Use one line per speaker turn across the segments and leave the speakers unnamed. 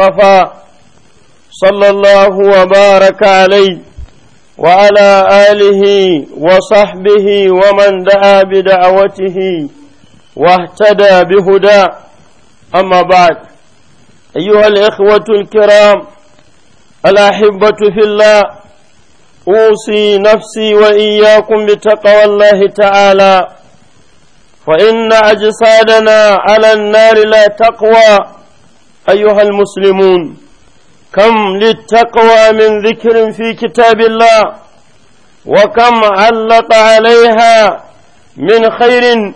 المصطفى صلى الله وبارك عليه وعلى آله وصحبه ومن دعا بدعوته واهتدى بهدى أما بعد أيها الإخوة الكرام الأحبة في الله أوصي نفسي وإياكم بتقوى الله تعالى فإن أجسادنا على النار لا تقوى أيها المسلمون كم للتقوى من ذكر في كتاب الله وكم علق عليها من خير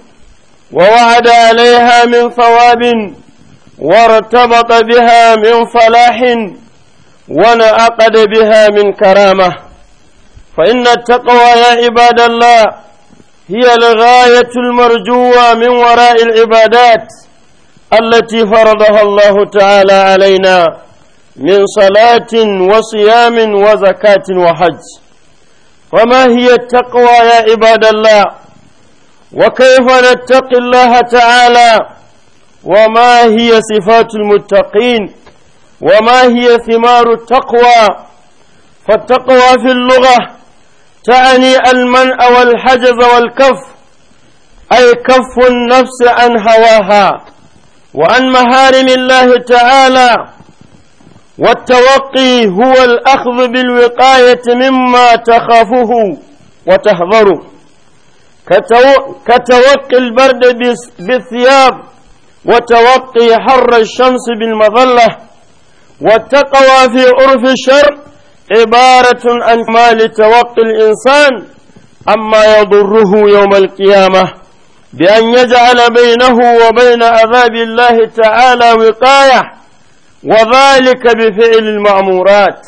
ووعد عليها من ثواب وارتبط بها من فلاح ونعقد بها من كرامة فإن التقوى يا عباد الله هي الغاية المرجوة من وراء العبادات التي فرضها الله تعالى علينا من صلاة وصيام وزكاة وحج فما هي التقوى يا عباد الله وكيف نتقي الله تعالى وما هي صفات المتقين وما هي ثمار التقوى فالتقوى في اللغة تعني المنع والحجز والكف أي كف النفس عن هواها وعن محارم الله تعالى والتوقي هو الأخذ بالوقاية مما تخافه وتحذره كتوقي البرد بالثياب وتوقي حر الشمس بالمظلة والتقوى في عرف الشر عبارة عن ما توقي الإنسان أما يضره يوم القيامة بأن يجعل بينه وبين عذاب الله تعالى وقاية وذلك بفعل المأمورات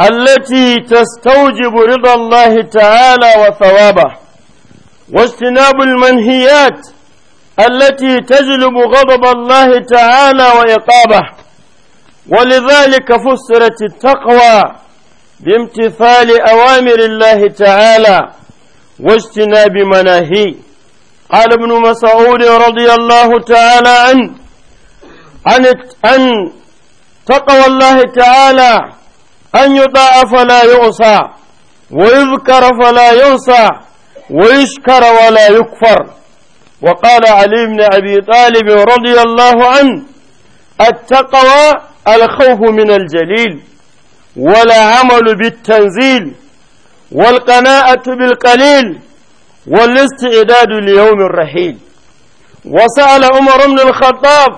التي تستوجب رضا الله تعالى وثوابه واجتناب المنهيات التي تجلب غضب الله تعالى وإقابه ولذلك فسرت التقوى بامتثال أوامر الله تعالى واجتناب مناهيه قال ابن مسعود رضي الله تعالى عنه عن أن تقوى الله تعالى أن يطاع فلا يعصى ويذكر فلا ينسى ويشكر ولا يكفر وقال علي بن أبي طالب رضي الله عنه التقوى الخوف من الجليل ولا عمل بالتنزيل والقناعة بالقليل والاستعداد ليوم الرحيل وسأل عمر بن الخطاب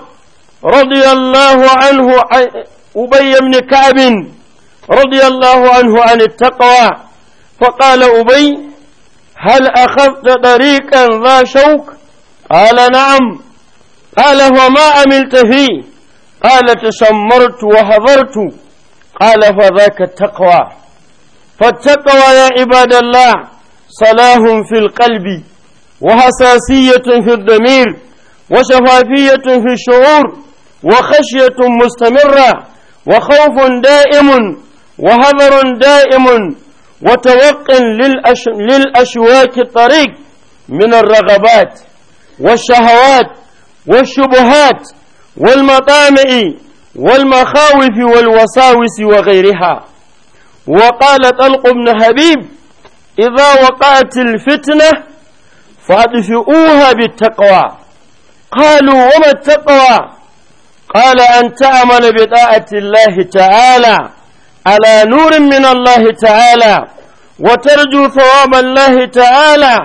رضي الله عنه أبي بن كعب رضي الله عنه عن التقوى فقال أبي هل أخذت طريقا ذا شوك قال نعم قال وما عملت فيه قال تسمرت وهضرت قال فذاك التقوى فالتقوى يا عباد الله صلاح في القلب وحساسية في الضمير وشفافية في الشعور وخشية مستمرة وخوف دائم وهذر دائم وتوق للأش... للأشواك الطريق من الرغبات والشهوات والشبهات والمطامع والمخاوف والوساوس وغيرها وقال طلق بن حبيب إذا وقعت الفتنة فأدفئوها بالتقوى قالوا وما التقوى قال أن تعمل بطاعة الله تعالى على نور من الله تعالى وترجو ثواب الله تعالى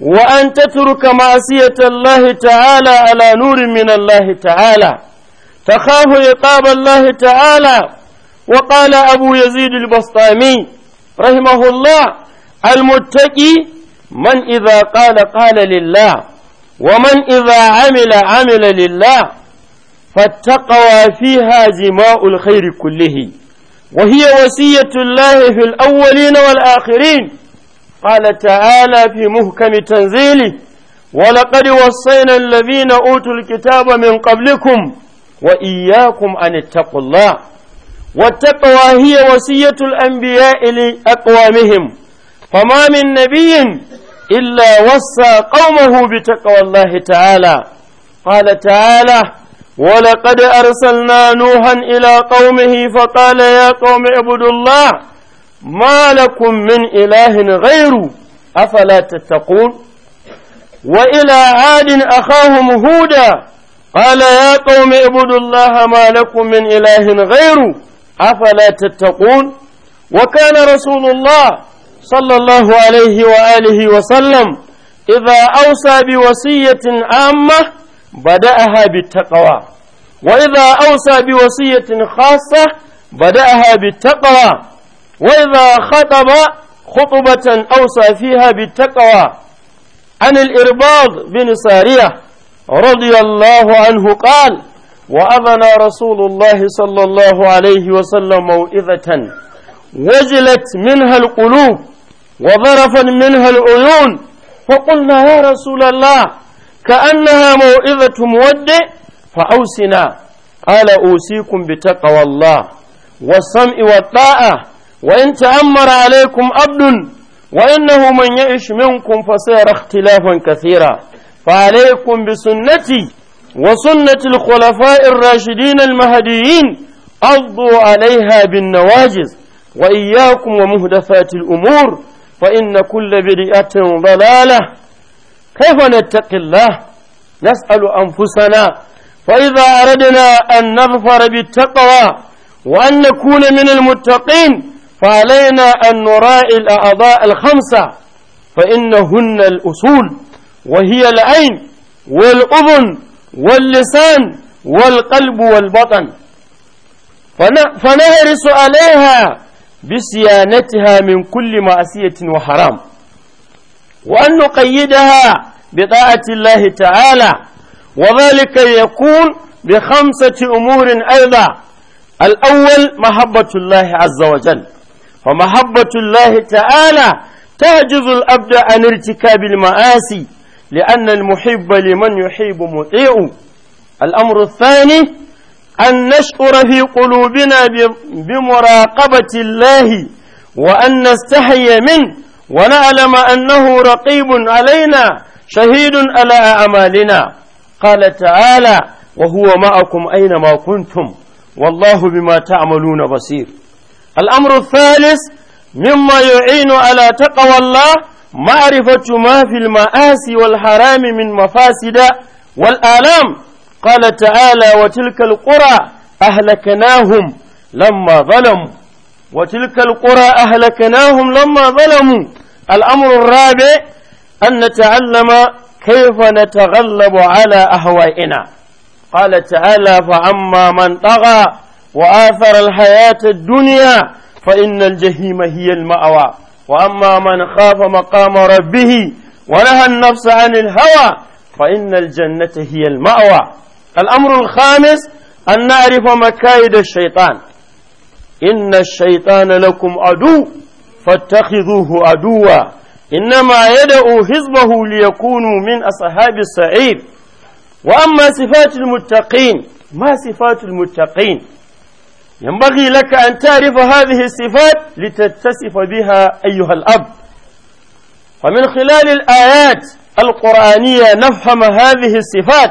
وأن تترك معصية الله تعالى على نور من الله تعالى تخاف عقاب الله تعالى وقال أبو يزيد البسطامي رحمه الله المتقي من إذا قال قال لله ومن إذا عمل عمل لله فالتقوى فيها جماء الخير كله وهي وصية الله في الأولين والآخرين قال تعالى في محكم تنزيله ولقد وصينا الذين أوتوا الكتاب من قبلكم وإياكم أن اتقوا الله والتقوى هي وصية الأنبياء لأقوامهم فما من نبي إلا وصى قومه بتقوى الله تعالى قال تعالى ولقد أرسلنا نوحا إلى قومه فقال يا قوم اعبدوا الله ما لكم من إله غيره أفلا تتقون وإلى عاد أخاهم هودا قال يا قوم اعبدوا الله ما لكم من إله غيره أفلا تتقون وكان رسول الله صلى الله عليه وآله وسلم إذا أوصى بوصية عامة بدأها بالتقوى وإذا أوصى بوصية خاصة بدأها بالتقوى وإذا خطب خطبة أوصى فيها بالتقوى عن الإرباض بن سارية رضي الله عنه قال وأذن رسول الله صلى الله عليه وسلم موئذة وجلت منها القلوب وظرفا منها العيون فقلنا يا رسول الله كأنها موعظة مودع فأوسنا قال أوصيكم بتقوى الله والسمع والطاعة وإن تأمر عليكم عبد وإنه من يعش منكم فسيرى اختلافا كثيرا فعليكم بسنتي وسنة الخلفاء الراشدين المهديين عضوا عليها بالنواجز وإياكم ومهدفات الأمور فإن كل بدئة ضلالة كيف نتقي الله نسأل أنفسنا فإذا أردنا أن نظفر بالتقوى وأن نكون من المتقين فعلينا أن نراعي الأعضاء الخمسة فإنهن الأصول وهي العين والأذن واللسان والقلب والبطن فنهرس عليها بصيانتها من كل معصية وحرام وأن نقيدها بطاعة الله تعالى وذلك يكون بخمسة أمور أيضا الأول محبة الله عز وجل فمحبة الله تعالى تعجز الأبد عن ارتكاب المآسي لأن المحب لمن يحب مطيع الأمر الثاني أن نشعر في قلوبنا بمراقبة الله وأن نستحي منه ونعلم أنه رقيب علينا شهيد على أعمالنا قال تعالى وهو معكم أينما كنتم والله بما تعملون بصير الأمر الثالث مما يعين على تقوى الله معرفة ما في المآسي والحرام من مفاسد والآلام قال تعالى وتلك القرى أهلكناهم لما ظلموا وتلك القرى أهلكناهم لما ظلموا الأمر الرابع أن نتعلم كيف نتغلب على أهوائنا قال تعالى فأما من طغى وآثر الحياة الدنيا فإن الجحيم هي المأوى وأما من خاف مقام ربه ونهى النفس عن الهوى فإن الجنة هي المأوى الأمر الخامس أن نعرف مكايد الشيطان إن الشيطان لكم عدو فاتخذوه عدوا إنما يدعو حزبه ليكونوا من أصحاب السعير وأما صفات المتقين ما صفات المتقين ينبغي لك أن تعرف هذه الصفات لتتصف بها أيها الأب فمن خلال الآيات القرآنية نفهم هذه الصفات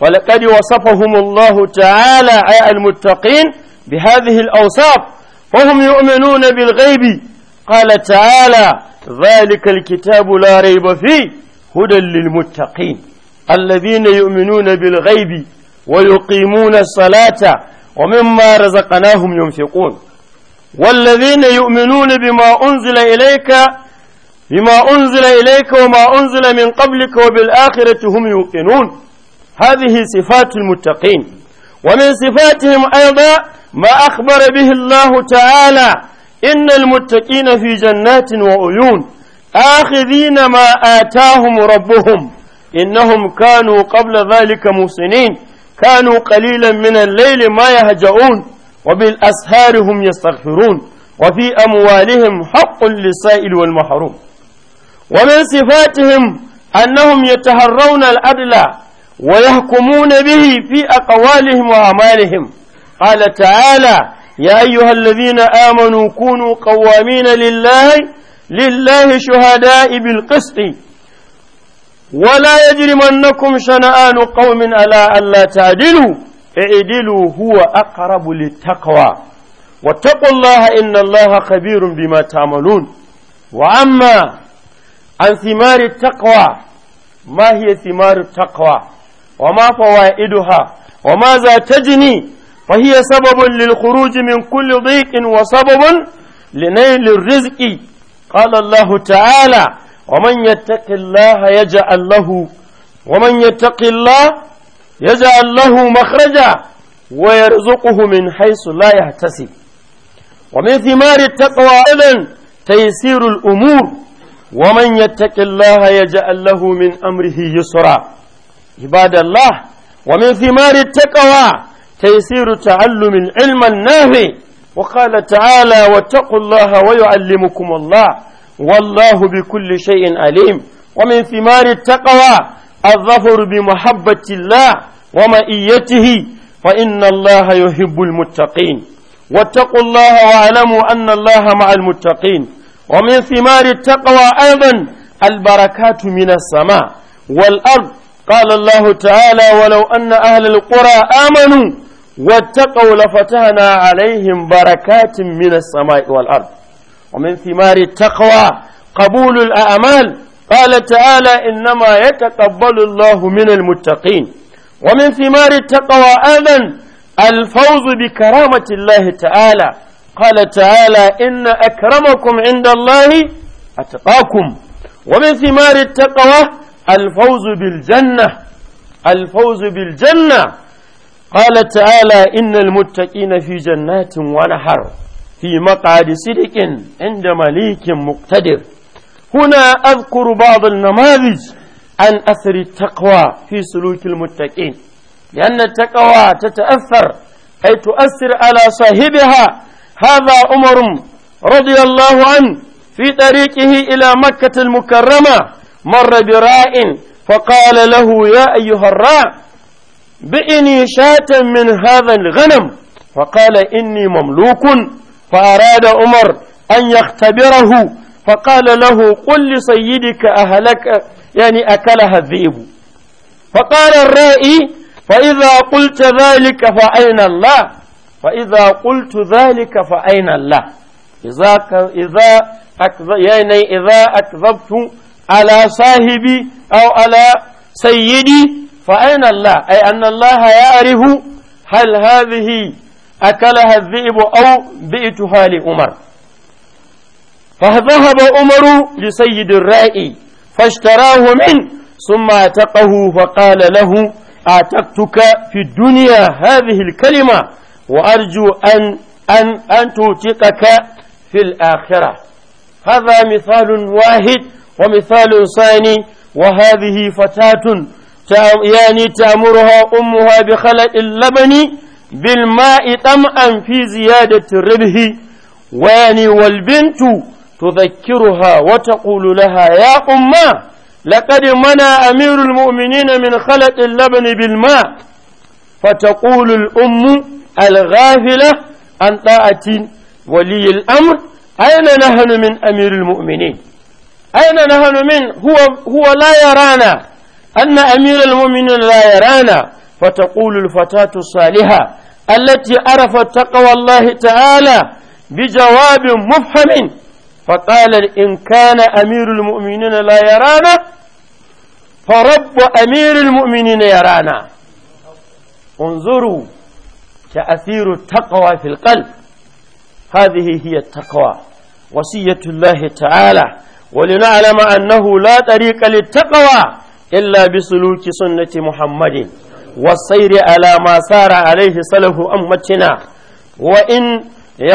ولقد وصفهم الله تعالى على المتقين بهذه الأوصاف وهم يؤمنون بالغيب قال تعالى ذلك الكتاب لا ريب فيه هدى للمتقين الذين يؤمنون بالغيب ويقيمون الصلاة ومما رزقناهم ينفقون والذين يؤمنون بما أنزل إليك بما أنزل إليك وما أنزل من قبلك وبالآخرة هم يوقنون هذه صفات المتقين ومن صفاتهم أيضا ما أخبر به الله تعالى إن المتقين في جنات وعيون آخذين ما آتاهم ربهم إنهم كانوا قبل ذلك موسنين كانوا قليلا من الليل ما يهجعون وبالأسهار هم يستغفرون وفي أموالهم حق للسائل والمحروم ومن صفاتهم أنهم يتهرون الأدلى ويحكمون به في أقوالهم وأعمالهم قال تعالى يا أيها الذين آمنوا كونوا قوامين لله لله شهداء بالقسط ولا يجرمنكم شنآن قوم على ألا تعدلوا اعدلوا هو أقرب للتقوى واتقوا الله إن الله خبير بما تعملون وأما عن ثمار التقوى ما هي ثمار التقوى wa ma fawaiduha wa ma za tajni fa hiya sababun lil khuruj min kulli dhiqin wa sababun linayl rizqi qala Allah ta'ala wa man yattaqillaha yaj'al lahu wa man yattaqillaha yaj'al lahu makhraja wa yarzuquhu min haythu la yahtasib wa min thimari at-taqwa idan taysirul umur ومن يتق الله يجعل له من أمره يسرا عباد الله ومن ثمار التقوى تيسير تعلم العلم النافع وقال تعالى واتقوا الله ويعلمكم الله والله بكل شيء عليم ومن ثمار التقوى الظفر بمحبة الله ومئيته فإن الله يحب المتقين واتقوا الله واعلموا أن الله مع المتقين ومن ثمار التقوى أيضا البركات من السماء والأرض قال الله تعالى ولو أن أهل القرى آمنوا واتقوا لفتحنا عليهم بركات من السماء والأرض ومن ثمار التقوى قبول الأعمال قال تعالى إنما يتقبل الله من المتقين ومن ثمار التقوى أذن الفوز بكرامة الله تعالى قال تعالى إن أكرمكم عند الله أتقاكم ومن ثمار التقوى الفوز بالجنة الفوز بالجنة قال تعالى إن المتقين في جنات ونحر في مقعد صدق عند مليك مقتدر هنا أذكر بعض النماذج عن أثر التقوى في سلوك المتقين لأن التقوى تتأثر أي تؤثر على صاحبها هذا عمر رضي الله عنه في طريقه إلى مكة المكرمة مر براء فقال له يا أيها الراع بئني شاة من هذا الغنم فقال إني مملوك فأراد عمر أن يختبره فقال له قل لسيدك أهلك يعني أكلها الذئب فقال الرائي فإذا قلت ذلك فأين الله فإذا قلت ذلك فأين الله إذا إذا يعني إذا أكذبت ala sahibi aw ala sayyidi fa aina Allah ay anna Allah ya'rifu hal hadhihi akalaha adh-dhi'bu aw bi'tuha li Umar فذهب عمر لسيد الرائي فاشتراه منه ثم اعتقه فقال له اعتقتك في الدنيا هذه الكلمة وأرجو أن أن أن توثقك في الآخرة هذا مثال واحد ومثال ثاني وهذه فتاة يعني تأمرها أمها بخلق اللبن بالماء طمعا في زيادة الربه ويعني والبنت تذكرها وتقول لها يا أمه لقد منع أمير المؤمنين من خلق اللبن بالماء فتقول الأم الغافلة عن طاعة ولي الأمر أين نحن من أمير المؤمنين أين نحن من هو, هو لا يرانا أن أمير المؤمنين لا يرانا فتقول الفتاة الصالحة التي عرفت تقوى الله تعالى بجواب مفهم فقال إن كان أمير المؤمنين لا يرانا فرب أمير المؤمنين يرانا انظروا تأثير التقوى في القلب هذه هي التقوى وصية الله تعالى ولنعلم أنه لا طريق للتقوى إلا بسلوك سنة محمد والسير على ما سار عليه سلف أمتنا وإن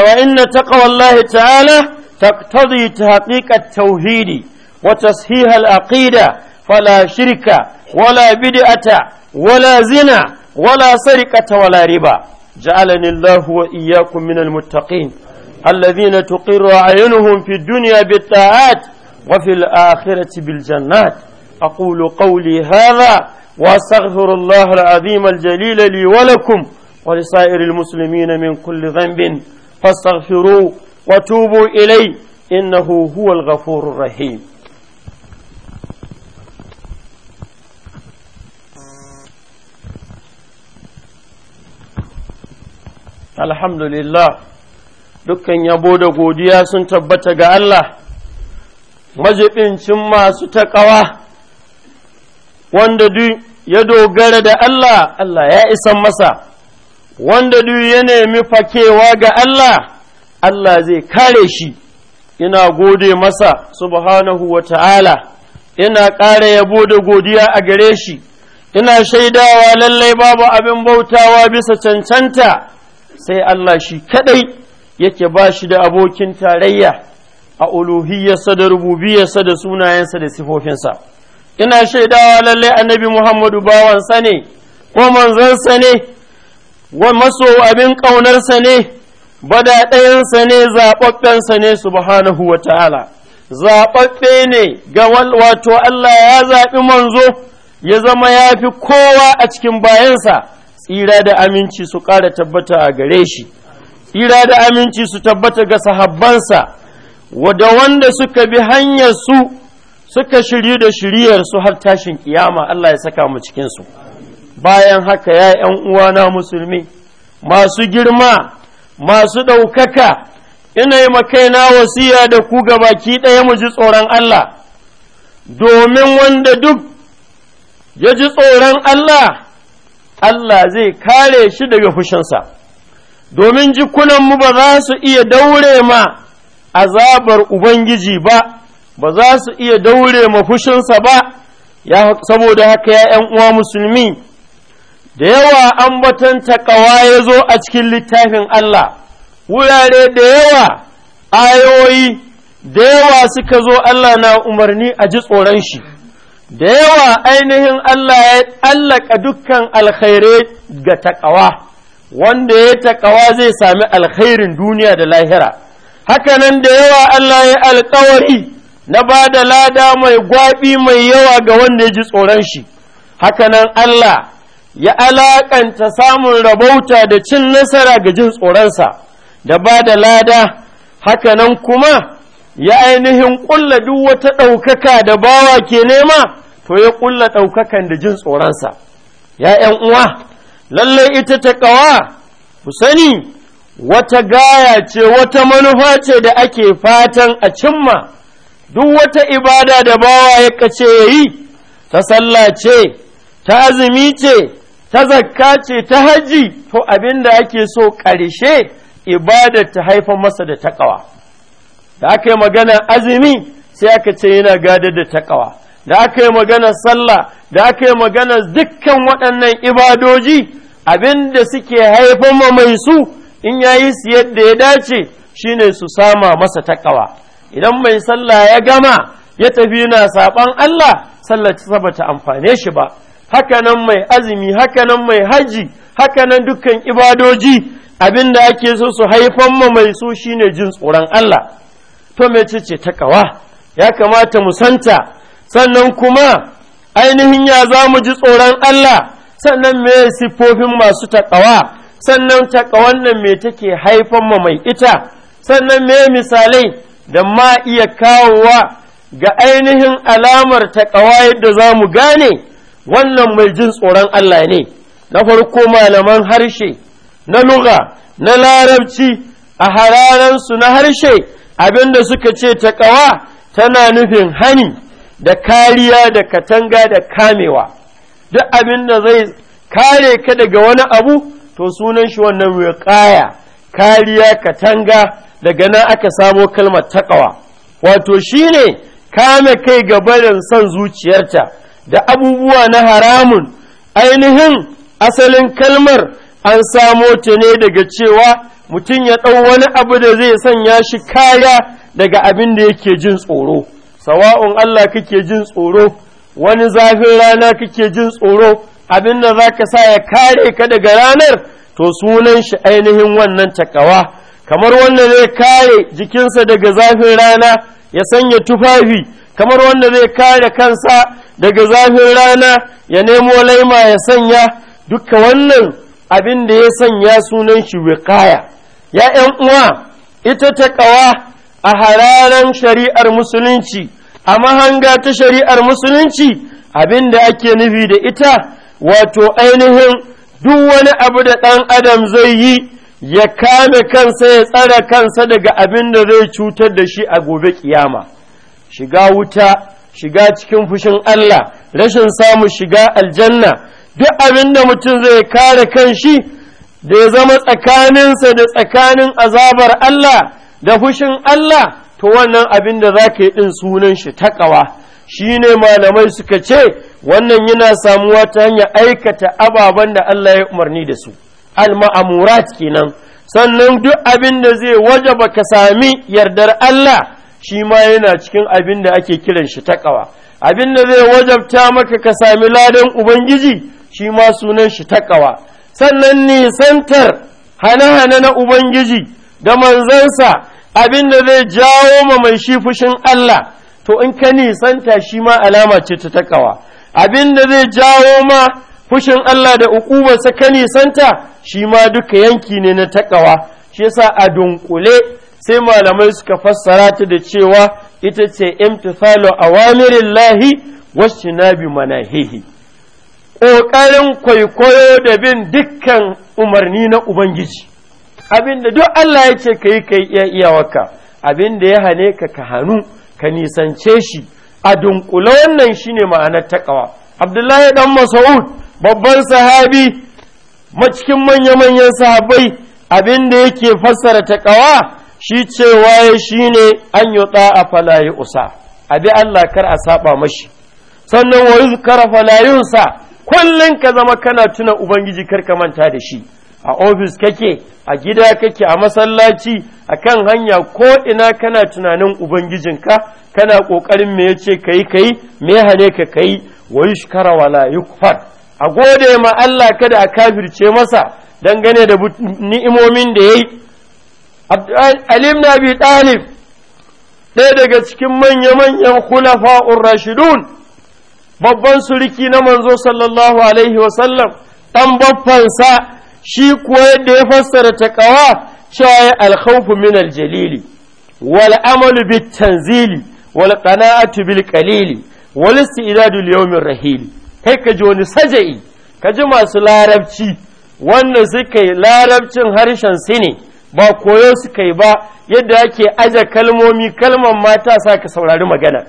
وإن تقوى الله تعالى تقتضي تحقيق التوحيد وتصحيح العقيدة فلا شرك ولا بدعة ولا زنا ولا سرقة ولا ربا جعلني الله وإياكم من المتقين الذين تقر أعينهم في الدنيا بالطاعات وفي الآخرة بالجنات أقول قولي هذا وأستغفر الله العظيم الجليل لي ولكم ولسائر المسلمين من كل ذنب فاستغفروا وتوبوا إلي إنه هو الغفور الرحيم الحمد لله yabo da godiya sun الله majibincin masu taƙawa wanda duk ya dogara da Allah, Allah ya isan masa, wanda duk ya nemi fakewa ga Allah, Allah zai kare shi, ina gode masa, subhanahu wa ta'ala, ina ƙara yabo da godiya a gare shi, ina shaidawa lallai babu abin bautawa bisa cancanta, sai Allah shi kaɗai yake ba shi da abokin tarayya. a uluhiyarsa da rububiyarsa da sunayensa da sifofinsa ina shaidawa lallai annabi Muhammadu bawansa ne ko manzansa ne wa maso abin ƙaunarsa ne badaɗayansa ne zaɓaɓɓensa ne subhanahu wa ta'ala zaɓaɓɓe ne ga wato Allah ya zaɓi manzo ya zama ya fi kowa a cikin bayansa tsira da aminci su ƙara tabbata a gare shi tsira da aminci su tabbata ga sahabbansa da wanda suka bi hanyar su suka shiryu da shiryarsu su har tashin kiyama Allah ya saka mu cikin su bayan haka ya ‘yan uwana musulmi masu girma masu ɗaukaka ina yi makaina wasiya da ku baki ɗaya mu ji tsoron Allah domin wanda duk ya ji tsoron Allah Allah zai kare shi daga fushinsa domin jikunanmu ba za su iya daure ma azabar Ubangiji ba, ba za su iya daure mafushinsa ba, saboda haka ya 'yan uwa musulmi, da yawa batan taƙawa ya zo a cikin littafin Allah, wurare da yawa ayoyi da yawa suka zo Allah na umarni a ji tsoron shi. da yawa ainihin Allah ya allaka dukkan alkhairai ga takawa? wanda ya takawa zai sami alkhairin duniya da lahira, hakanan da yawa Allah ya alƙawari na ba da lada mai gwaɓi mai yawa ga wanda ya ji tsoron shi, hakanan Allah ya alaƙanta samun rabauta da cin nasara ga jin tsoronsa da ba da lada, hakanan kuma ya ainihin ƙulla duk wata ɗaukaka da bawa ke nema, to ya ƙulla ɗaukakan da jin tsoronsa. Ya uwa, lallai ita ta ƙawa, ku sani wata gaya ce wata manufa ce da ake fatan a cimma duk wata ibada da bawa ya kace ya yi ta sallah ce ta azumi ce ta zakka ce ta haji to abin da ake so ƙarshe ibada ta haifa masa da takawa da aka yi magana azumi sai aka ce yana gada da takawa da aka yi magana sallah da aka yi magana dukkan waɗannan ibadoji abin da suke haifan mai su in ya yi su yadda ya dace shine su sama masa takawa idan mai sallah ya gama ya tafi yana saɓan Allah sallar ta bata amfane shi ba hakanan mai azumi hakanan mai haji hakanan dukkan ibadoji abin da ake so su haifan ma mai su shine jin tsoron Allah to mai ce takawa ya kamata mu santa sannan kuma ainihin ya za mu ji tsoron Allah sannan me siffofin masu takawa sannan taƙa wannan me take haifan ma mai ita sannan me misalai da ma iya kawowa ga ainihin alamar taƙawa yadda za mu gane wannan mai jin tsoron Allah ne na farko malaman harshe na luga na larabci a hararansu na harshe abin da suka ce taƙawa tana nufin hani da kariya da katanga da kamewa duk abin da zai kare ka daga wani abu to sunan shi wannan wiƙaya kariya katanga daga nan aka samo kalmar ƙawa. wato shine kame kai ga barin son zuciyarta da abubuwa na haramun ainihin asalin kalmar an samo ta ne daga cewa mutum ya ɗau wani abu da zai sanya shi kaya daga abin da yake jin tsoro sawa'un Allah kake jin tsoro wani zafin rana kake jin tsoro abin da za ka sa ya kare ka daga ranar to sunan shi ainihin wannan takawa kamar wanda zai kare jikinsa daga zafin rana ya sanya tufafi kamar wanda zai kare kansa daga zafin rana ya nemo laima ya sanya duka wannan abin da ya sanya sunan shi wikaya ya ‘yan uwa ita takawa a hararen shari'ar musulunci a mahanga ta shari'ar musulunci abin da ake nufi da ita wato ainihin duk wani abu da ɗan adam zai yi ya kame kansa ya tsare kansa daga abin da zai cutar da shi a gobe kiyama shiga wuta shiga cikin fushin Allah rashin samu shiga aljanna duk abin da mutum zai kare kanshi da ya zama tsakaninsa da tsakanin azabar Allah da fushin Allah to wannan abin da za ka yi ɗin sunan shi taƙawa Shi ne malamai suka ce wannan yana samuwa ta hanyar aikata ababen da Allah ya umarni da su al-ma'amurat kenan sannan duk abin da zai wajaba ka sami yardar Allah shi ma yana cikin abin da ake kiran shi ta ƙawa. abin da zai wajabta maka ka sami ladan ubangiji shi ma sunan shi ta ƙawa. sannan nisantar hane-hane na ubangiji da manzansa abin da zai jawo ma mai shi fushin Allah to in ka nisanta shi ma alama ce ta takawa abin da zai jawo ma fushin Allah da ukubarsa ka nisanta shi ma duka yanki ne na takawa shi yasa a dunkule sai malamai suka fassara ta da cewa ita ce imtithalu awamirillahi wastinabi manahihi ƙoƙarin kwaikwayo da bin dukkan umarni na ubangiji abin da duk Allah ya ce ka yi ka yi iya iyawarka abin da ya hane ka ka hannu ka nisance shi a dunkule wannan shi ne ma'anar ƙawa. abdullahi dan mas'ud babban sahabi cikin manya-manyan sahabai, abin da yake fassara ƙawa, shi cewa ya shine an yuta a falayi usa abi Allah kar a saba mashi sannan wa yuzkara falayunsa kullum ka zama kana tuna ubangiji kar ka manta da shi a ofis kake a gida kake a masallaci a kan hanya ko ina kana tunanin ubangijinka kana ƙoƙarin me ya ce kai kai me hane ka kai wa yushkara wala yukfar a gode ma Allah kada a kafirce masa dangane da ni'imomin da yayi Alim na bi ɗalib ɗaya daga cikin manya-manyan khulafa'ur rashidun babban suriki na manzo sallallahu alaihi wasallam ɗan baffansa shi kuwa yadda ya fassara taqawa cewa ya alkhawfu min aljalili wal amalu bit tanzili wal qana'atu bil qalili wal istidadu li yawmir rahili kai ka ji wani saja'i ka ji masu larabci wanda suka yi larabcin harshen su ne ba koyo suka yi ba yadda ake aje kalmomi kalman mata sa ka saurari magana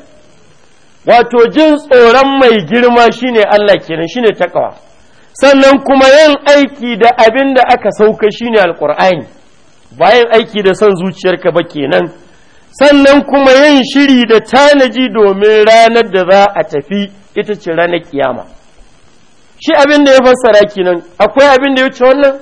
wato jin tsoron mai girma shine Allah kenan shine ƙawa sannan kuma yin aiki da abin da aka sauka shine alkur'ani bayan aiki da son zuciyarka ba kenan sannan kuma yin shiri da tanaji domin ranar da za a tafi ita ce ranar kiyama shi abin da ya fassara kenan akwai abin da ya wuce wannan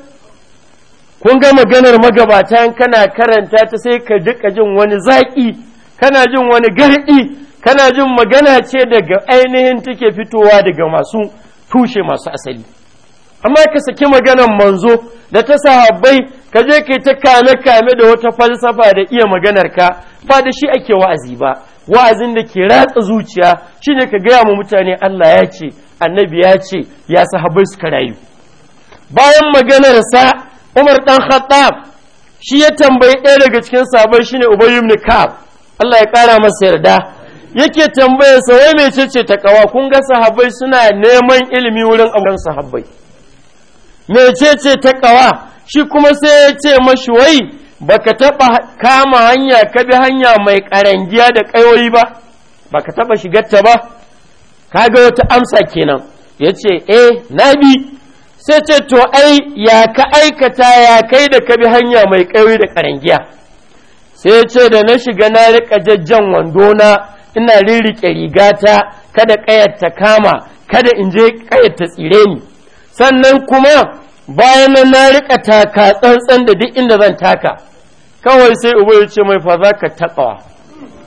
kun ga maganar magabata kana karanta ta sai ka duka jin wani zaƙi kana jin wani garɗi kana jin magana ce daga ainihin take fitowa daga masu tushe masu asali amma ka saki maganar manzo da ta sahabbai ka je kai ta kame kame da wata falsafa da iya maganar ka ba da shi ake wa'azi ba wa'azin da ke ratsa zuciya shine ka gaya ma mutane Allah ya ce annabi ya ce ya sahabbai suka rayu bayan maganar sa Umar dan Khattab shi ya tambayi ɗaya daga cikin sahabbai shine Ubay ibn Ka'ab Allah ya kara masa yarda yake tambayarsa wai mecece ta kawa kun ga sahabbai suna neman ilimi wurin auren sahabbai mecece ta ƙawa shi kuma sai ya ce mashi wai baka taɓa kama hanya ka bi hanya mai ƙarangiya da ƙayoyi ba baka taɓa shigarta ba kaga wata amsa kenan ya ce eh na bi sai ce to ai ya ka aikata ya kai da ka bi hanya mai ƙayoyi da ƙarangiya sai ce da na shiga na riƙa jajjan na, ina ririke rigata kada ƙayar ta kama kada in je ƙayar ta tsire ni sannan kuma bayan nan na riƙa taka tsantsan da duk inda zan taka kawai sai uba ya ce mai fa za ka taɓa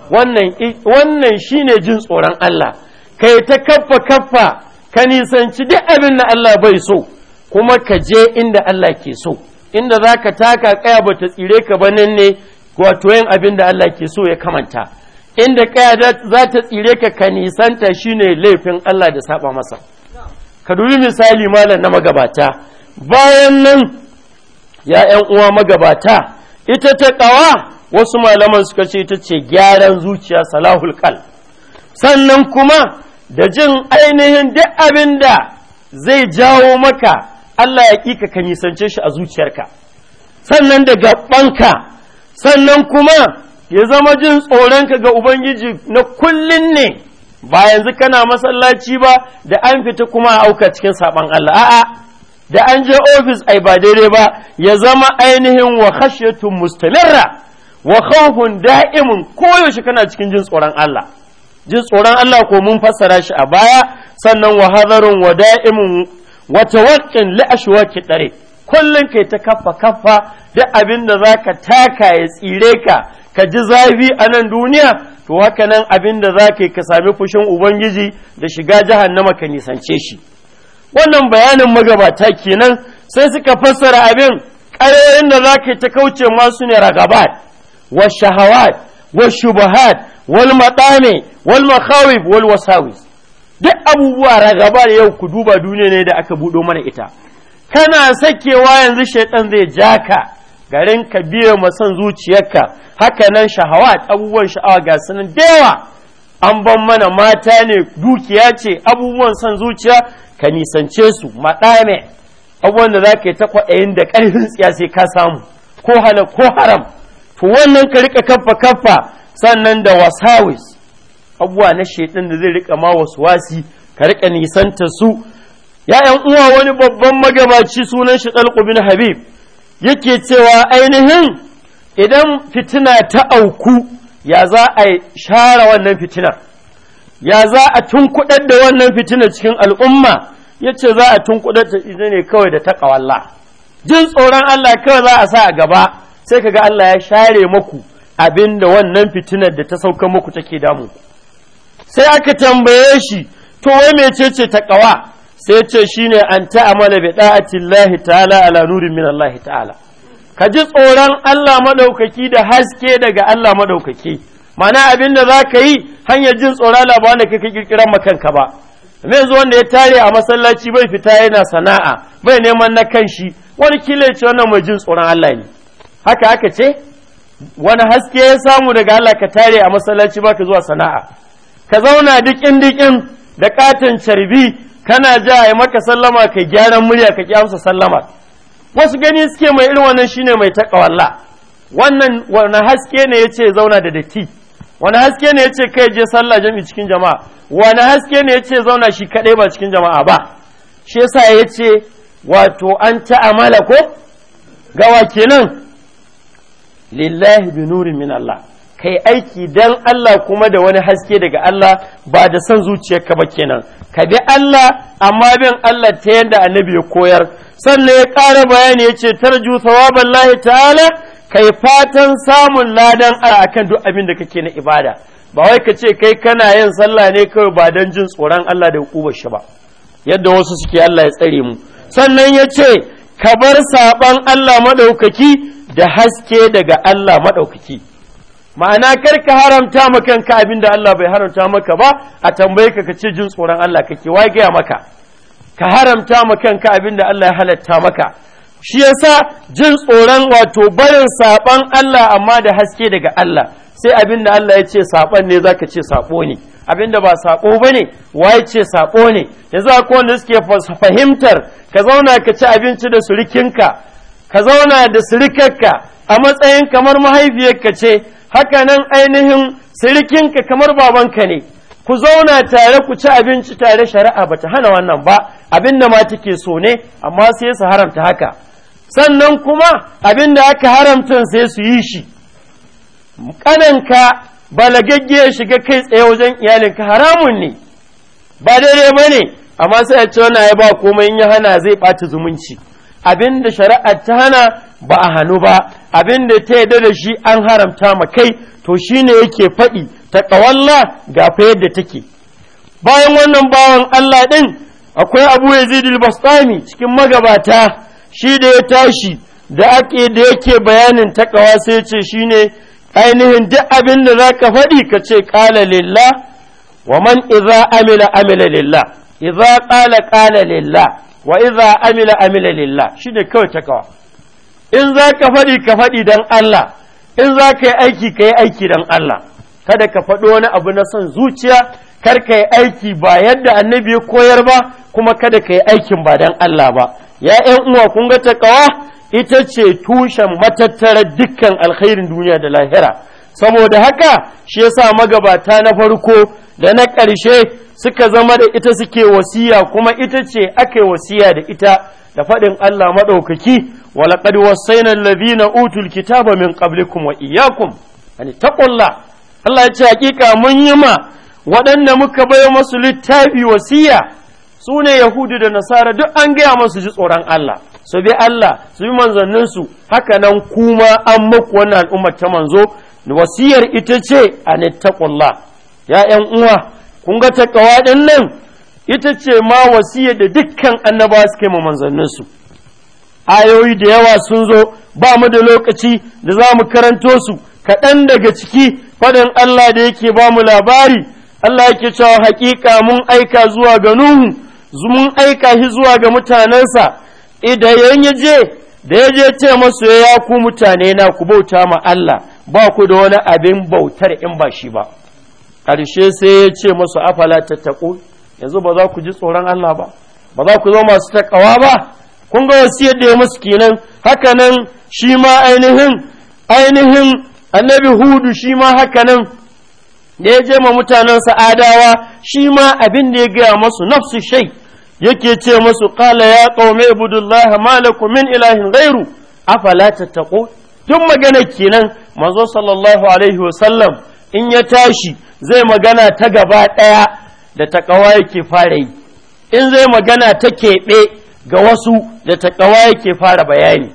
wannan shi ne jin tsoron Allah kai ta kaffa kaffa ka nisanci duk abin da Allah bai so kuma ka je inda Allah ke so inda za ka taka kaya ba ta tsire ka ba nan ne wato yin abin da Allah ke so ya kamanta inda kaya za ta tsire ka ka nisanta ne laifin Allah da saba masa ka dubi misali malam na magabata bayan nan ya ‘yan uwa magabata ita ta ƙawa wasu malaman suka ce ita ce gyaran zuciya salahul kal sannan kuma da jin ainihin duk abin da zai jawo maka Allah ya ƙi ka nisance shi a zuciyarka sannan da gaɓanka sannan kuma ya zama jin tsoronka ga Ubangiji na kullun ne ba yanzu kana masallaci ba da an fita kuma a auka cikin saban Allah a'a da an je ofis ai ba daidai ba ya zama ainihin wa khashyatun mustalirra wa khawfun da'imun koyaushe kana cikin jin tsoron Allah jin tsoron Allah ko mun fassara shi a baya sannan wa hadarun wa da'imun wa tawakkin li ashwaqi dare kullum kai ta kaffa-kaffa da abin da za ka taka ya tsire ka ka ji zafi a nan duniya to haka nan abin da za ka sami fushin ubangiji da shiga jahannama ka nisance shi wannan bayanin magabata kenan sai suka fassara abin ƙayoyin da za ka ta kauce masu ne ragabat wa shahawat wa shubahat wal maɗame wal makhawif wal wasawis duk abubuwa ragabar yau ku duba duniya ne da aka buɗo mana ita kana sakewa yanzu shaitan zai ja ka garin ka biye ma son zuciyarka haka nan shahawa abubuwan sha'awa ga sunan da an ban mana mata ne dukiya ce abubuwan son zuciya ka nisance su maɗame abubuwan da za ka yi ta kwaɗayin da ƙarfin tsiya sai ka samu ko hana ko haram to wannan ka rika kaffa kaffa sannan da wasawis abubuwa na shaidan da zai rika ma wasu wasi ka rika nisanta su Ya'yan uwa wani babban magabaci sunan shi ɗalƙubin habib yake cewa ainihin idan fitina ta auku ya za a share wannan fitina ya za a tunkuɗar da wannan fitina cikin al'umma ya ce za a tunkuɗar ta ita ne kawai da taƙawalla jin tsoron Allah kawai za a sa a gaba sai ka ga Allah ya share maku abin da wannan fitinar da ta sauka muku take damu sai aka tambaye shi to wai mecece taƙawa sai ce shi ne an ta'amala bi da'ati lahi ta'ala ala nurin min Allah ta'ala ka ji tsoron Allah maɗaukaki da haske daga Allah maɗaukaki. mana abin da za ka yi hanyar jin tsoron labarin da kake kirkiran makanka ba me yanzu wanda ya tare a masallaci bai fita yana sana'a bai neman na kan shi wani kila ce wannan mai jin tsoron Allah ne haka aka ce wani haske ya samu daga Allah ka tare a masallaci baka zuwa sana'a ka zauna diƙin diƙin da katon carbi kana ja ya maka sallama ka gyaran murya ka kyamsa sallama wasu gani suke mai irin wannan shine mai takawalla wannan wani haske ne ya ce zauna da datti wani haske ne ya ce kai je sallah jami cikin jama'a wani haske ne ya ce zauna shi kadai ba cikin jama'a ba shi yasa ce, wato an ta amala, ko gawa kenan lillahi bi nurin min Allah kai aiki dan Allah kuma da wani haske daga Allah ba da son zuciyarka ba kenan ka bi Allah amma bin Allah ta yadda annabi ya koyar sannan ya ƙara bayani ya ce tarju thawaban lahi ta'ala kai fatan samun ladan Allah akan duk abin da kake na ibada ba wai ka ce kai kana yin sallah ne kawai ba dan jin tsoron Allah da hukubar shi ba yadda wasu suke Allah ya tsare mu sannan ya ce ka bar saban Allah madaukaki da haske daga Allah madaukaki. ma'ana kar ka haramta ma kanka abin Allah bai haramta maka ba a tambaye ka kace jin tsoron Allah kake wai gaya maka ka haramta ma kanka abin Allah ya halatta maka shi yasa jin tsoron wato barin saban Allah amma da haske daga Allah sai abinda Allah ya ce saban ne zaka ce sabo ne abin da ba sabo bane wai ce sabo ne yanzu akwai wanda suke fahimtar ka zauna ka ci abinci da surikinka ka zauna da sirikarka a matsayin kamar mahaifiyarka ce haka nan ainihin sirikinka kamar babanka ne ku zauna tare ku ci abinci tare shari'a ba ta hana wannan ba abin da ma take so ne amma sai su haramta haka sannan kuma abin da aka haramta sai su yi shi kananka balagagge ya shiga kai tsaye wajen iyalinka haramun ne ba daidai ba ne amma sai a ce wani ya ba komai in ya hana zai ɓata zumunci abinda da shari'ar ta hana ba a hannu ba abin da ta yarda da shi an haramta ma kai to shine yake faɗi ta ƙawalla ga fa yadda take bayan wannan bawan Allah ɗin akwai Abu Yazid al-Bastami cikin magabata shi da ya tashi da ake da yake bayanin ƙawa sai ce shine ainihin duk abin da ka faɗi ka ce qala lillah wa man idza amila amila Lilla. idza qala qala lillah wa idza amila amila lillah shine kawai takawa in za ka faɗi ka faɗi dan Allah in za ka yi aiki ka yi aiki dan Allah kada ka faɗo wani abu na son zuciya kar ka yi aiki ba yadda annabi ya koyar ba kuma kada ka yi aikin ba dan Allah ba ya ƴan uwa kun ga ta kawa ita ce tushen matattarar dukkan alkhairin duniya da lahira saboda haka shi yasa magabata na farko da na ƙarshe suka zama da ita suke wasiya kuma ita ce ake wasiya da ita da faɗin Allah maɗaukaki walaƙad wasaina allazina utul kitaba min qablikum wa iyyakum ani taqullah Allah ya ce hakika mun yi ma waɗanda muka bai masu littafi wasiya su ne yahudu da nasara duk an gaya masu ji tsoron Allah su bi Allah su bi manzanninsu haka nan kuma an muku wannan al'umma ta manzo wasiyar ita ce a ya ‘yan uwa kun ga taƙawa ɗin nan ita ce ma wasiyar da dukkan annaba su ma manzanninsu ayoyi da yawa sun zo ba mu da lokaci da za mu karanto su kaɗan daga ciki faɗin Allah da yake ba mu labari Allah yake cewa haƙiƙa mun aika zuwa ga Nuhu mun aika shi zuwa ga mutanensa idan ya je da ya je ce masu ya ku mutane na ku bauta ma Allah ba ku da wani abin bautar in ba shi ba ƙarshe sai ya ce masu afala tattaku yanzu ba za ku ji tsoron Allah ba ba za ku zo masu takawa ba kun ga wasiyar da ya musu kenan haka shi ma ainihin ainihin annabi hudu shi ma haka da ya je ma mutanen sa'adawa shi ma abin da ya gaya masu nafsu shai yake ce masu kala ya ƙaume ibudullah ma min ilahin ghairu afala tattaqu tun magana kenan manzo sallallahu alaihi wasallam in ya tashi zai magana ta gaba ɗaya da takawa yake fara yi in zai magana ta keɓe ga wasu da takawa yake fara bayani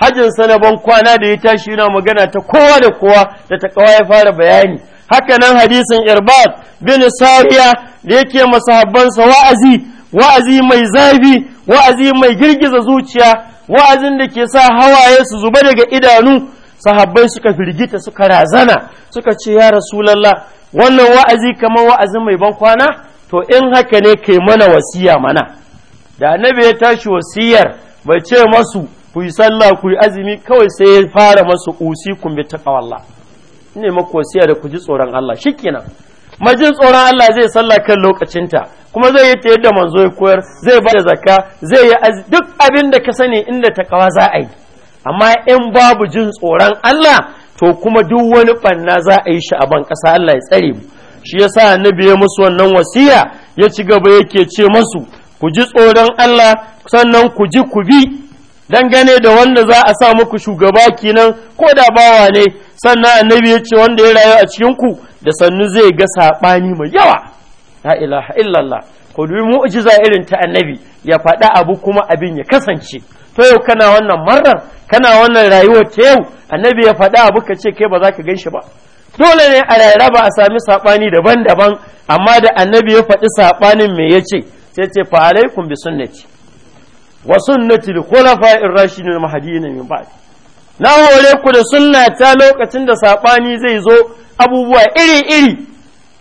hajjin sanabon kwana da ya tashi yana magana ta kowa da kowa da takawa ya fara bayani Hakanan nan hadisin irbad bin sariya da yake masahabbansa wa'azi wa'azi mai zafi wa'azi mai girgiza zuciya wa'azin da ke sa hawaye su zuba daga idanu sahabbai suka firgita suka razana suka ce ya rasu rasulallah wannan wa'azi kamar wa'azi mai ban kwana to in haka ne kai mana wasiya mana da annabi ya tashi wasiyar bai ce masu ku yi sallah ku yi azumi kawai sai ya fara masu usi kun bi taqwallah ne maku wasiya da ku ji tsoron Allah shikenan
majin tsoron Allah
zai sallah kan lokacinta kuma zai yi ta yadda manzo ya koyar zai ba da zakka zai yi duk abin da ka sani inda takawa za a yi amma in babu jin tsoron Allah to kuma duk wani banna za a yi shi a ban ƙasa Allah ya tsare mu shi yasa annabi ya musu wannan wasiya ya ci gaba yake ce masu ku ji tsoron Allah sannan ku ji ku bi dangane da wanda za a sa muku shugaba kenan ko da bawa ne sannan annabi ya ce wanda ya rayu a cikin ku da sannu zai ga saɓani mai yawa la ilaha illallah ku dubi mu'jiza irin ta annabi ya faɗa abu kuma abin ya kasance to yau kana wannan marar kana wannan rayuwar ta yau annabi ya faɗa abu ka ce kai ba za ka gan shi ba dole ne a ba a sami saɓani daban-daban amma da annabi ya faɗi saɓanin me ya ce sai ce fa alaikum bi sunnati wa sunnatil khulafa'ir rashidin mahdiyina min ba'd na hore ku da sunna ta lokacin da sabani zai zo abubuwa iri-iri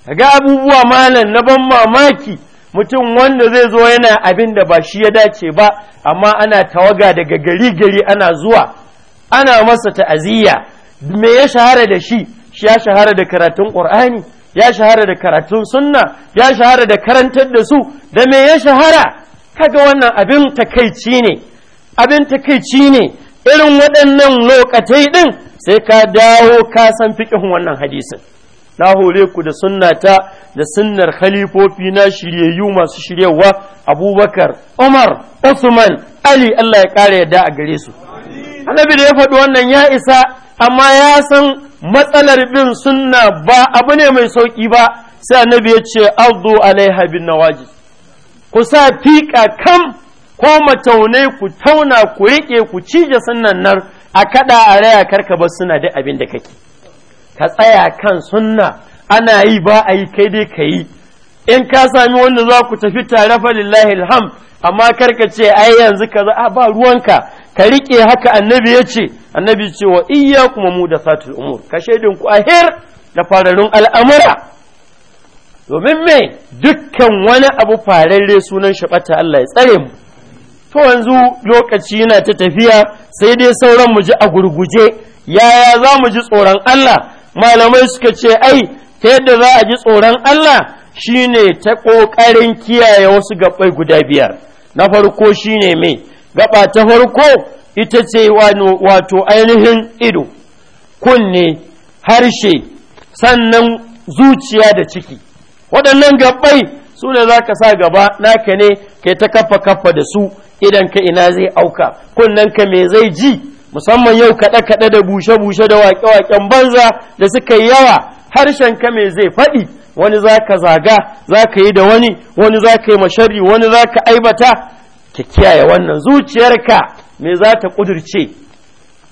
kaga abubuwa malam na ban mamaki mutum wanda zai zo yana abin da ba shi ya dace ba amma ana tawaga daga gari gari ana zuwa ana masa ta'aziyya me ya shahara da shi shi ya shahara da karatun qur'ani ya shahara da karatun sunna ya shahara da karantar da su da me ya shahara kaga wannan abin takaici ne abin takaici ne irin waɗannan lokatai ɗin sai ka dawo ka san fiƙihun wannan hadisin na hore ku da sunnata da sunnar khalifofi na shiryayyu masu shiryawa abubakar umar usman ali allah ya ƙara yadda a gare su annabi da ya faɗi wannan ya isa amma ya san matsalar bin sunna ba abu ne mai sauƙi ba sai annabi ya ce abdu alaiha bin nawajis ku sa fiƙa kan ko mataunai ku tauna ku riƙe ku cije sunnan nan a kaɗa a raya karka ba suna da abin da kake ka tsaya kan sunna ana yi ba a yi kai dai ka yi in ka sami wanda za ku tafi tare fa lillahi alham amma karka ce ai yanzu ka za. a ba ruwanka ka riƙe haka annabi ya ce annabi cewa iya kuma mu da satul umur ka shaidin ku ahir da fararun al'amura domin me dukkan wani abu fararre sunan shi Allah ya tsare mu to yanzu lokaci yana ta tafiya sai dai sauran mu ji a gurguje yaya za mu ji tsoron Allah malamai suka ce ai ta yadda za a ji tsoron Allah shine ta ƙoƙarin kiyaye wasu gaɓai guda biyar na farko shine me gaɓa ta farko ita ce wato ainihin ido kunne harshe sannan zuciya da ciki waɗannan gabbai su ne za ka sa gaba naka ne kai ta kafa kafa da su idan ka ina zai auka kunnen ka me zai ji musamman yau kaɗe kaɗe da bushe bushe da waƙe waƙen banza da suka yi yawa harshen ka me zai faɗi wani za ka zaga za ka yi da wani wani za ka yi mashari wani za ka aibata ka kiyaye wannan zuciyarka me za ta ƙudurce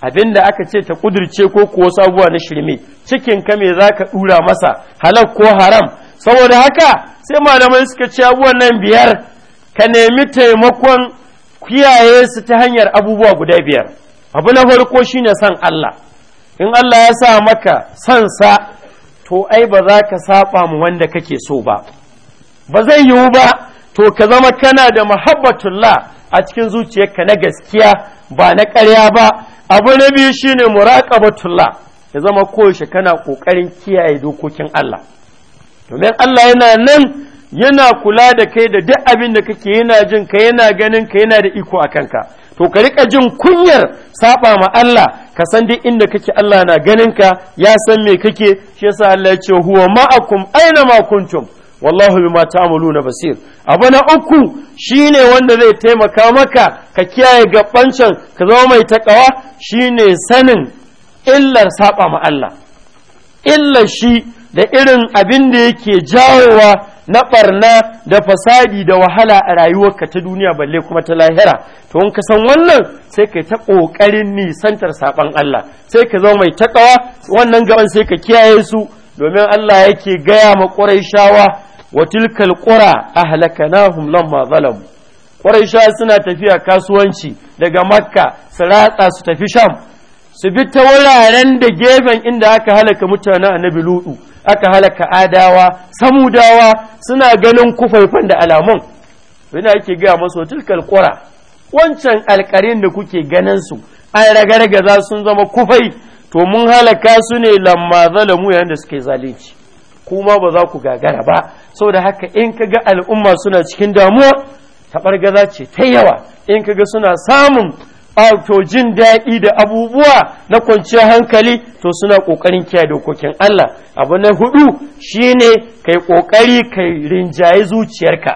abin da aka ce ta ƙudurce ko kuwa sabuwa na shirme cikin ka me za ka ɗura masa halal ko haram saboda haka sai malamai suka ce abubuwan nan biyar ka nemi taimakon kiyaye su ta hanyar abubuwa guda biyar abu na farko shine san Allah in Allah ya sa maka san sa to ai ba za ka saba mu wanda kake so ba ba zai yiwu ba to ka zama kana da muhabbatullah a cikin zuciyarka na gaskiya ba na ƙarya ba abu na biyu shine muraqabatullah ya zama koyaushe kana ƙoƙarin kiyaye dokokin Allah domin Allah yana nan yana kula da kai da duk abin da kake yana jin ka yana ganin ka yana da iko a kanka to ka rika jin kunyar saba ma Allah ka san duk inda kake Allah na ganin ka ya san me kake shi yasa Allah ya ce huwa ma'akum aina ma kuntum wallahu bima ta'maluna basir abu na uku shine wanda zai taimaka maka ka kiyaye gabancan ka zama mai takawa shine sanin illar saba ma Allah illar shi da irin abin da yake jawowa na barna da fasadi da wahala a rayuwarka ta duniya balle kuma ta lahira to in ka san wannan sai ka ta kokarin nisantar saban Allah sai ka zama mai takawa wannan gaban sai ka kiyaye su domin Allah yake gaya ma Quraishawa wa tilkal qura ahlakanahum lamma zalam Quraisha suna tafiya kasuwanci daga Makka su ratsa su tafi Sham su bi ta wuraren da gefen inda aka halaka mutane annabi Lutu aka halaka adawa samudawa suna ganin kufaifan da alamun Suna ake gaya masu tilkal kura wancan alkarin da kuke ganin su an za sun zama kufai to mun halaka su ne lamma zalamu yayin da suke zalunci kuma ba za ku gagara ba saboda haka in ka ga al'umma suna cikin damuwa taɓargaza ce ta yawa in ka ga suna samun to jin daɗi da abubuwa na kwanciyar hankali to suna ƙoƙarin kiyaye dokokin Allah abu na hudu shi shine kai ƙoƙari kai rinjaye zuciyarka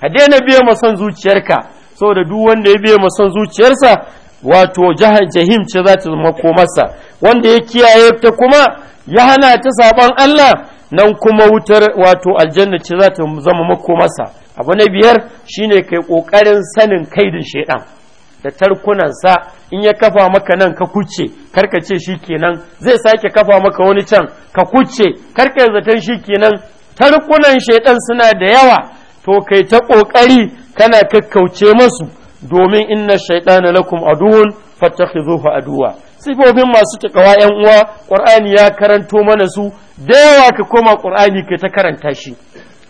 a daina biye ma son zuciyarka saboda duk wanda ya biye ma son zuciyarsa wato jahar jahim ce za ta zama komarsa wanda ya kiyaye ta kuma ya hana ta sabon Allah nan kuma wutar wato aljanna ce za ta zama makomarsa abu na biyar shine kai ƙoƙarin sanin kai da shaidan da tarkunansa in ya kafa maka nan ka kuce karka ce shi kenan zai sake kafa maka wani can ka kuce karka zaton shi kenan tarkunan shaidan suna da yawa to kai ta kokari kana kakkauce masu domin inna shaidana lakum aduun fattakhidhuhu aduwa sifofin masu takawa yan uwa qur'ani ya karanto mana su da yawa ka koma qur'ani kai ta karanta shi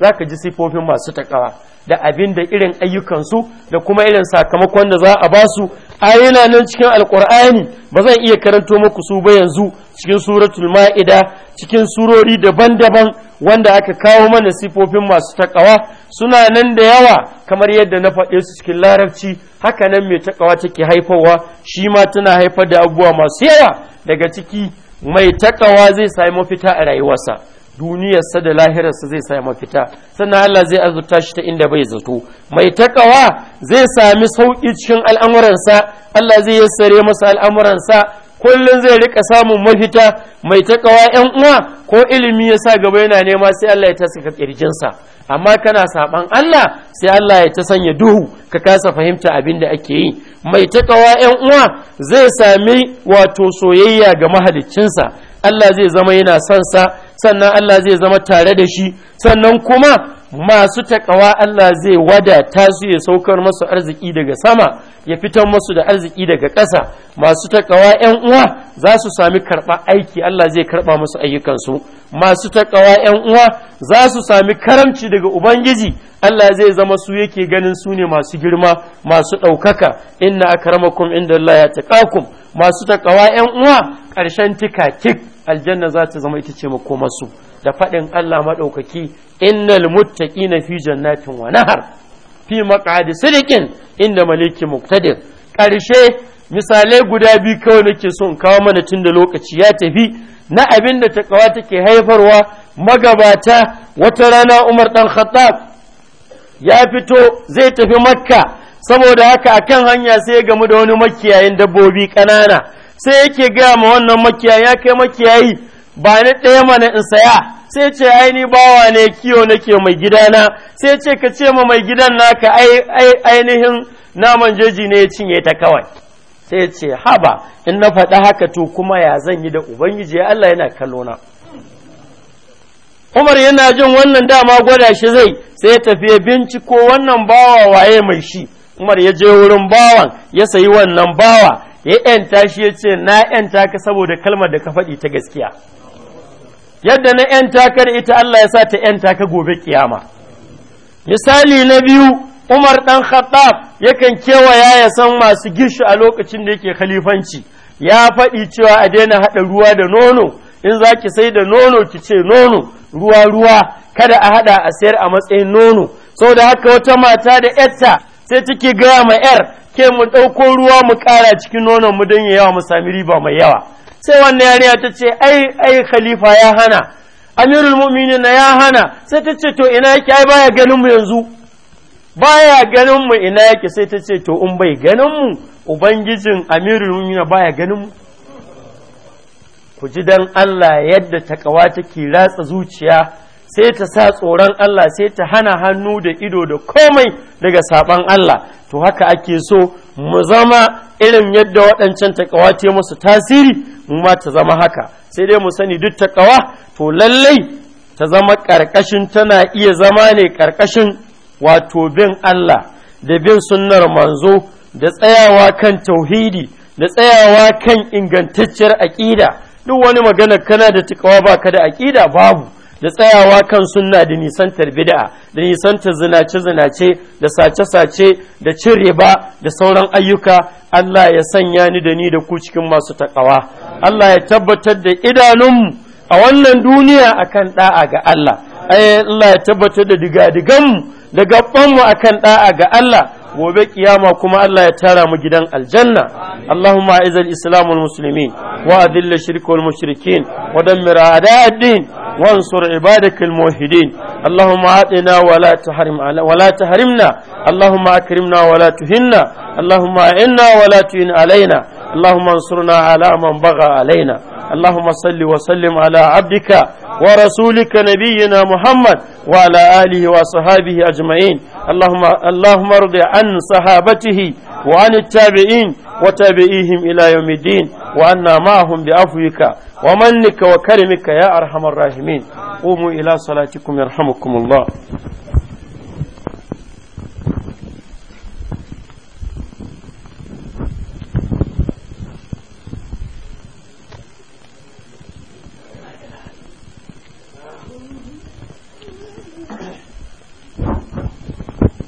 za ka ji sifofin masu takawa da abin da irin ayyukansu da kuma irin sakamakon da za a ba su ayyana nan cikin alkur'ani ba zan iya karanto muku su ba yanzu cikin suratul ma'ida cikin surori daban-daban wanda aka kawo mana sifofin masu takawa suna nan da yawa kamar yadda na faɗe su cikin larabci haka nan mai takawa take haifarwa shi ma tana haifar da abubuwa masu yawa daga ciki mai takawa zai sami mafita a rayuwarsa duniyarsa da lahirarsa zai sami mafita sannan Allah zai azurta shi ta inda bai zato mai takawa zai sami sauƙi cikin al'amuransa Allah zai yassare masa al'amuransa kullum zai rika samun mafita mai takawa yan uwa ko ilimi ya sa gaba yana nema sai Allah ya ta kirjinsa amma kana saban Allah sai Allah ya ta sanya duhu ka kasa fahimta abin da ake yi mai takawa yan uwa zai sami wato soyayya ga mahaliccinsa Allah zai zama yana son sa sannan Allah zai zama tare da shi sannan kuma masu takawa Allah zai wadata su ya saukar masu arziki daga sama ya fitar masu da arziki daga ƙasa masu takawa ‘yan uwa za su sami karɓa aiki Allah zai karɓa masu ayyukansu masu takawa ‘yan uwa za su sami karamci daga Ubangiji Allah zai zama su yake ganin su ne masu girma masu ɗaukaka inna akramakum inda Allah ya taƙakum masu takawa ‘yan uwa ƙarshen tika kik aljanna za ta zama ita ce makomarsu da faɗin Allah maɗaukaki innal na fi jannatin wa nahar fi maƙadi sirikin inda maliki muktadir ƙarshe misalai guda biyu kawai nake son kawo mana tun da lokaci ya tafi na abin da takawa take haifarwa magabata wata rana Umar ɗan Khattab ya fito zai tafi Makka saboda haka a kan hanya sai ya gamu da wani makiyayin dabbobi ƙanana sai yake gaya ma wannan makiyayi ya kai makiyayi ba ni ɗaya mana in saya sai ce ai ni bawa ne kiyo nake mai gidana sai ce ka ce ma mai gidan naka ai ainihin naman jeji ne ya cinye ta kawai sai ce haba in na faɗa haka to kuma ya zan yi da ubangiji Allah yana kallona Umar yana jin wannan dama gwada shi zai sai ya tafi binciko wannan bawa waye mai shi Umar ya je wurin bawan ya sayi wannan bawa ya ‘yanta shi ya ce na ‘yanta ka saboda kalmar da ka faɗi ta gaskiya yadda na ‘yanta ka da ita Allah ya sa ta ‘yanta ka gobe kiyama misali na biyu Umar ɗan Khattab yakan kewaya ya san masu gishu a lokacin da yake khalifanci ya faɗi cewa a daina haɗa ruwa da nono in za ki sai da nono ki ce nono ruwa ruwa kada a haɗa a sayar a matsayin nono saboda haka wata mata da 'yatta. sai take gaya ma ‘yar ke mu ɗauko ruwa mu ƙara cikin nonon mu don yawa mu sami riba mai yawa sai wannan yarinya ta ce ai ai khalifa ya hana amirul mu'minin na ya hana sai ta ce to ina yake ai baya ganin mu yanzu baya ganin mu ina yake sai ta ce to in bai ganin mu ubangijin amirul mu'minin baya ganin mu ku ji dan Allah yadda takawa take ratsa zuciya sai ta sa tsoron Allah sai ta hana hannu da ido da komai daga saban Allah to haka ake so mu zama irin yadda waɗancan takawa ce musu tasiri mu ma ta zama haka sai dai mu sani duk takawa to lallai ta zama ƙarƙashin tana iya zama ne ƙarƙashin wato bin Allah da bin sunnar manzo da tsayawa kan tauhidi da tsayawa kan ingantacciyar aƙida duk wani magana kana da takawa ba ka da aƙida babu da tsayawa kan sunna da nisantar bid'a da nisantar zinace-zinace da sace-sace da cin riba da sauran ayyuka Allah ya sanya ni da ni da ku cikin masu takawa Allah ya tabbatar da idanunmu a wannan duniya akan ɗa'a ga Allah eh, Allah ya tabbatar da diga-diganmu da gabanmu akan ɗa'a ga Allah gobe kiyama kuma Allah ya tara mu gidan aljanna Allahumma aizal islam wal muslimin wa adilla shirka wal mushrikin wa dammir a'da'ad-din wansur ibadak al muwahhidin Allahumma atina wa la tahrim wa la tahrimna Allahumma akrimna wa la tuhinna Allahumma inna wa la tuhin alaina اللهم انصرنا على من بغى علينا اللهم صل وسلم على عبدك ورسولك نبينا محمد وعلى آله وصحابه أجمعين اللهم, اللهم ارض عن صحابته وعن التابعين وتابعيهم إلى يوم الدين وأنا معهم بعفوك ومنك وكرمك يا أرحم الراحمين قوموا إلى صلاتكم يرحمكم الله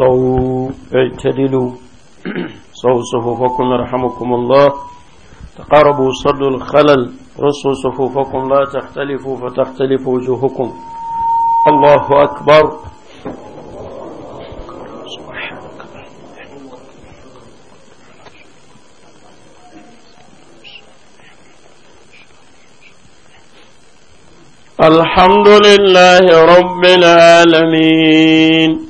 صو اعتدلوا صو صفوفكم يرحمكم الله تقاربوا صدوا الخلل رصوا صفوفكم لا تختلفوا فتختلف وجوهكم الله أكبر الحمد لله رب العالمين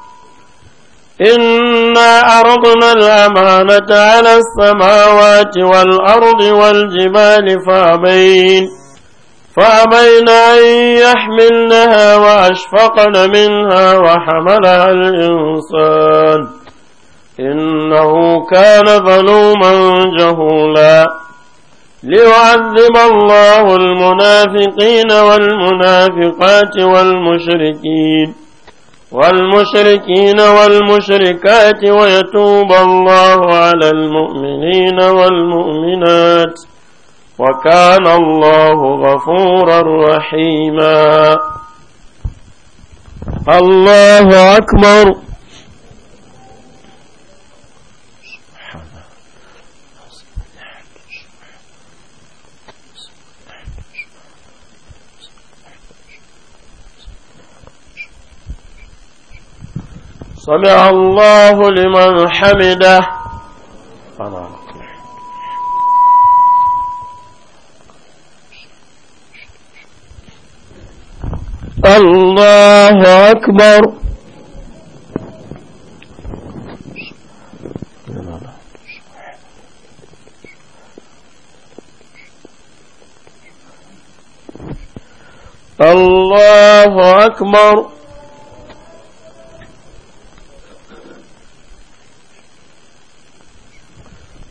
إنا عرضنا الأمانة على السماوات والأرض والجبال فأبين فأبين أن يحملنها وأشفقن منها وحملها الإنسان إنه كان ظلوما جهولا ليعذب الله المنافقين والمنافقات والمشركين والمشركين والمشركات ويتوب الله على المؤمنين والمؤمنات وكان الله غفورا رحيما الله أكبر سمع الله لمن حمده أنا الله أكبر الله أكبر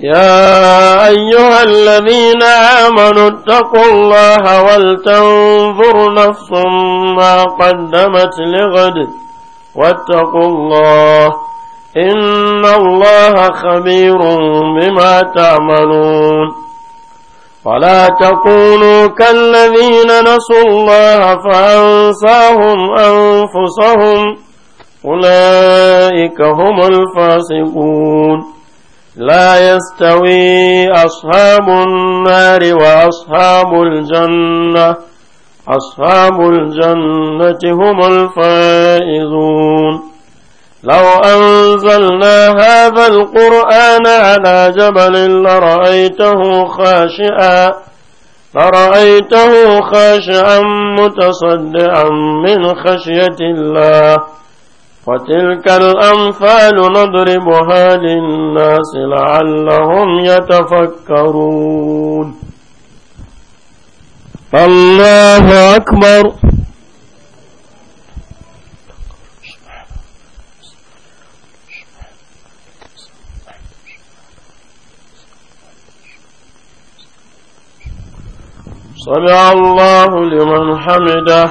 يا أيها الذين آمنوا اتقوا الله ولتنظر نفس ما قدمت لغد واتقوا الله إن الله خبير بما تعملون ولا تكونوا كالذين نسوا الله فأنساهم أنفسهم أولئك هم الفاسقون لا يستوي أصحاب النار وأصحاب الجنة أصحاب الجنة هم الفائزون لو أنزلنا هذا القرآن على جبل لرأيته خاشعا لرأيته خاشعا متصدعا من خشية الله وتلك الأمثال نضربها للناس لعلهم يتفكرون الله أكبر سمع الله لمن حمده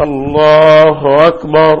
الله أكبر